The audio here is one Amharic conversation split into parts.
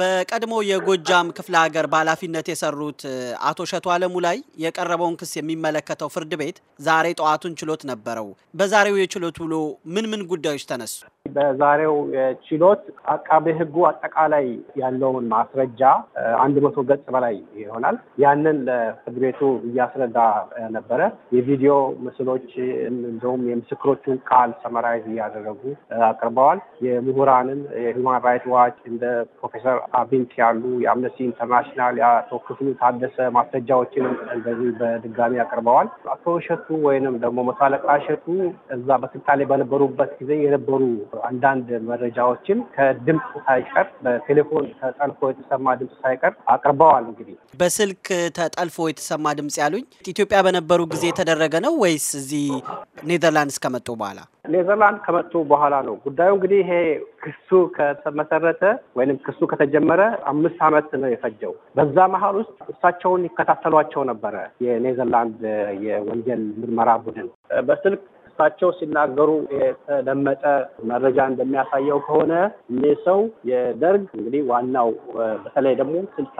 በቀድሞ የጎጃም ክፍለ ሀገር በኃላፊነት የሰሩት አቶ ሸቱ አለሙ ላይ የቀረበውን ክስ የሚመለከተው ፍርድ ቤት ዛሬ ጠዋቱን ችሎት ነበረው። በዛሬው የችሎት ውሎ ምን ምን ጉዳዮች ተነሱ? በዛሬው ችሎት አቃቤ ሕጉ አጠቃላይ ያለውን ማስረጃ አንድ መቶ ገጽ በላይ ይሆናል። ያንን ለፍርድ ቤቱ እያስረዳ ነበረ። የቪዲዮ ምስሎች እንዲሁም የምስክሮቹን ቃል ሰመራይዝ እያደረጉ አቅርበዋል። የምሁራንን የሁማን ራይት ዋች እንደ ፕሮፌሰር አቢንክ ያሉ የአምነስቲ ኢንተርናሽናል የአቶ ክፍሉ ታደሰ ማስረጃዎችን እንደዚህ በድጋሚ አቅርበዋል። አቶ እሸቱ ወይንም ደግሞ መቶ አለቃ እሸቱ እዛ በስልጣን ላይ በነበሩበት ጊዜ የነበሩ አንዳንድ መረጃዎችን ከድምፅ ሳይቀር በቴሌፎን ተጠልፎ የተሰማ ድምፅ ሳይቀር አቅርበዋል። እንግዲህ በስልክ ተጠልፎ የተሰማ ድምፅ ያሉኝ ኢትዮጵያ በነበሩ ጊዜ የተደረገ ነው ወይስ እዚህ ኔዘርላንድስ ከመጡ በኋላ? ኔዘርላንድ ከመጡ በኋላ ነው ጉዳዩ። እንግዲህ ይሄ ክሱ ከተመሰረተ ወይም ክሱ ከተጀመረ አምስት ዓመት ነው የፈጀው። በዛ መሀል ውስጥ እሳቸውን ይከታተሏቸው ነበረ የኔዘርላንድ የወንጀል ምርመራ ቡድን በስልክ እሳቸው ሲናገሩ የተለመጠ መረጃ እንደሚያሳየው ከሆነ እኔ ሰው የደርግ እንግዲህ ዋናው በተለይ ደግሞ ስልሳ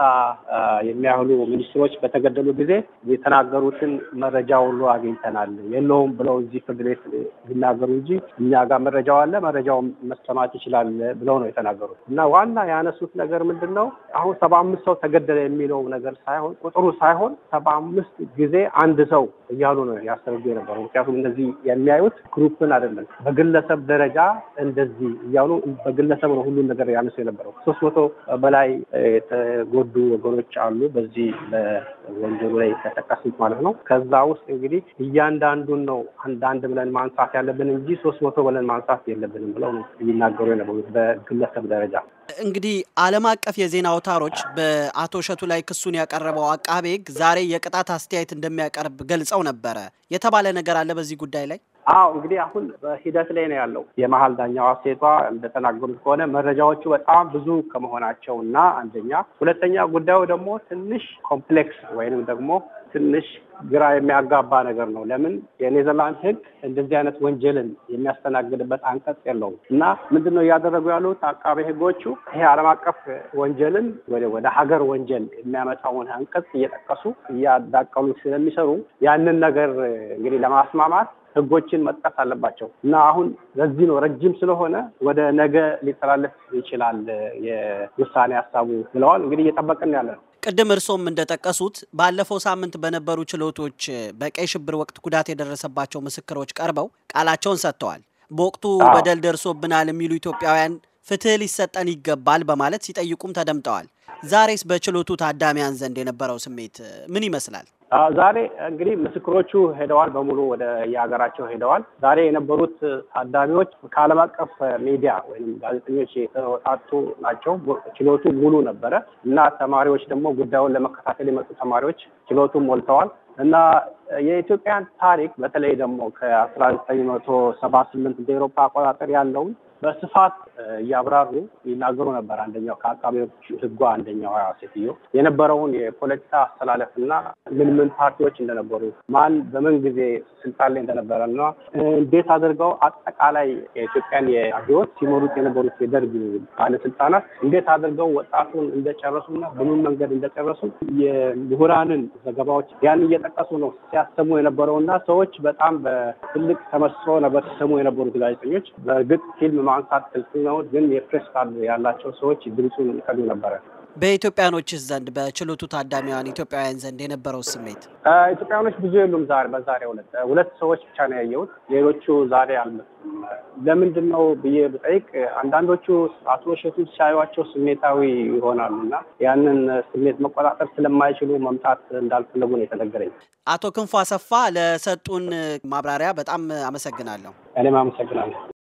የሚያህሉ ሚኒስትሮች በተገደሉ ጊዜ የተናገሩትን መረጃ ሁሉ አግኝተናል የለውም ብለው እዚህ ፍርድ ቤት ሊናገሩ እንጂ እኛ ጋር መረጃው አለ፣ መረጃውን መሰማት ይችላል ብለው ነው የተናገሩት። እና ዋና ያነሱት ነገር ምንድን ነው? አሁን ሰባ አምስት ሰው ተገደለ የሚለው ነገር ሳይሆን ቁጥሩ ሳይሆን ሰባ አምስት ጊዜ አንድ ሰው እያሉ ነው ያስረዱ የነበረው ምክንያቱም እነዚህ የሚ የሚያዩት ግሩፕን አይደለም። በግለሰብ ደረጃ እንደዚህ እያሉ በግለሰብ ነው ሁሉን ነገር ያነሱ የነበረው። ሶስት መቶ በላይ የተጎዱ ወገኖች አሉ በዚህ በወንጀሉ ላይ ተጠቀሱት ማለት ነው። ከዛ ውስጥ እንግዲህ እያንዳንዱን ነው አንዳንድ ብለን ማንሳት ያለብን እንጂ ሶስት መቶ ብለን ማንሳት የለብንም ብለው ነው የሚናገሩ የነበሩት በግለሰብ ደረጃ። እንግዲህ ዓለም አቀፍ የዜና አውታሮች በአቶ እሸቱ ላይ ክሱን ያቀረበው አቃቤ ሕግ ዛሬ የቅጣት አስተያየት እንደሚያቀርብ ገልጸው ነበረ። የተባለ ነገር አለ በዚህ ጉዳይ ላይ? አዎ እንግዲህ አሁን በሂደት ላይ ነው ያለው። የመሀል ዳኛዋ ሴቷ እንደተናገሩት ከሆነ መረጃዎቹ በጣም ብዙ ከመሆናቸው እና አንደኛ፣ ሁለተኛ ጉዳዩ ደግሞ ትንሽ ኮምፕሌክስ ወይንም ደግሞ ትንሽ ግራ የሚያጋባ ነገር ነው። ለምን የኔዘርላንድ ሕግ እንደዚህ አይነት ወንጀልን የሚያስተናግድበት አንቀጽ የለውም እና ምንድን ነው እያደረጉ ያሉት አቃቤ ሕጎቹ ይሄ ዓለም አቀፍ ወንጀልን ወደ ሀገር ወንጀል የሚያመጣውን አንቀጽ እየጠቀሱ እያዳቀሉ ስለሚሰሩ ያንን ነገር እንግዲህ ለማስማማት ህጎችን መጥቀስ አለባቸው እና አሁን ለዚህ ነው ረጅም ስለሆነ ወደ ነገ ሊተላለፍ ይችላል የውሳኔ ሀሳቡ ብለዋል። እንግዲህ እየጠበቅን ያለ ነው። ቅድም እርሶም እንደጠቀሱት ባለፈው ሳምንት በነበሩ ችሎቶች በቀይ ሽብር ወቅት ጉዳት የደረሰባቸው ምስክሮች ቀርበው ቃላቸውን ሰጥተዋል። በወቅቱ በደል ደርሶብናል የሚሉ ኢትዮጵያውያን ፍትህ ሊሰጠን ይገባል በማለት ሲጠይቁም ተደምጠዋል። ዛሬስ በችሎቱ ታዳሚያን ዘንድ የነበረው ስሜት ምን ይመስላል? ዛሬ እንግዲህ ምስክሮቹ ሄደዋል፣ በሙሉ ወደ የሀገራቸው ሄደዋል። ዛሬ የነበሩት ታዳሚዎች ከዓለም አቀፍ ሚዲያ ወይም ጋዜጠኞች የተወጣጡ ናቸው። ችሎቱ ሙሉ ነበረ እና ተማሪዎች ደግሞ ጉዳዩን ለመከታተል የመጡ ተማሪዎች ችሎቱ ሞልተዋል እና የኢትዮጵያን ታሪክ በተለይ ደግሞ ከአስራ ዘጠኝ መቶ ሰባ ስምንት እንደ ኤሮፓ አቆጣጠር ያለውን በስፋት እያብራሩ ይናገሩ ነበር። አንደኛው ከአቃቢዎች ህጓ አንደኛው ሴትዮ የነበረውን የፖለቲካ እና ምን ምን ፓርቲዎች እንደነበሩ ማን በምን ጊዜ ስልጣን ላይ እንደነበረና እንዴት አድርገው አጠቃላይ የኢትዮጵያን የህይወት ሲመሩት የነበሩት የደርግ ባለስልጣናት እንዴት አድርገው ወጣቱን እንደጨረሱና በምን መንገድ እንደጨረሱ የምሁራንን ዘገባዎች ያን እየጠቀሱ ነው ሲያሰሙ እና ሰዎች በጣም በትልቅ ተመስሶ ነበር ሲሰሙ የነበሩት ጋዜጠኞች በእርግጥ ፊልም ማንሳት ክልክል ነው፣ ግን የፕሬስ ካርድ ያላቸው ሰዎች ድምፁን ይቀዱ ነበረ። በኢትዮጵያኖችስ ዘንድ በችሎቱ ታዳሚዋን ኢትዮጵያውያን ዘንድ የነበረው ስሜት? ኢትዮጵያኖች ብዙ የሉም። ዛሬ በዛሬ ሁለት ሁለት ሰዎች ብቻ ነው ያየሁት። ሌሎቹ ዛሬ አልመጡም። ለምንድን ነው ብዬ ብጠይቅ አንዳንዶቹ አቶ እሸቱ ሲያዩቸው ስሜታዊ ይሆናሉ እና ያንን ስሜት መቆጣጠር ስለማይችሉ መምጣት እንዳልፈለጉ ነው የተነገረኝ። አቶ ክንፎ አሰፋ ለሰጡን ማብራሪያ በጣም አመሰግናለሁ። እኔም አመሰግናለሁ።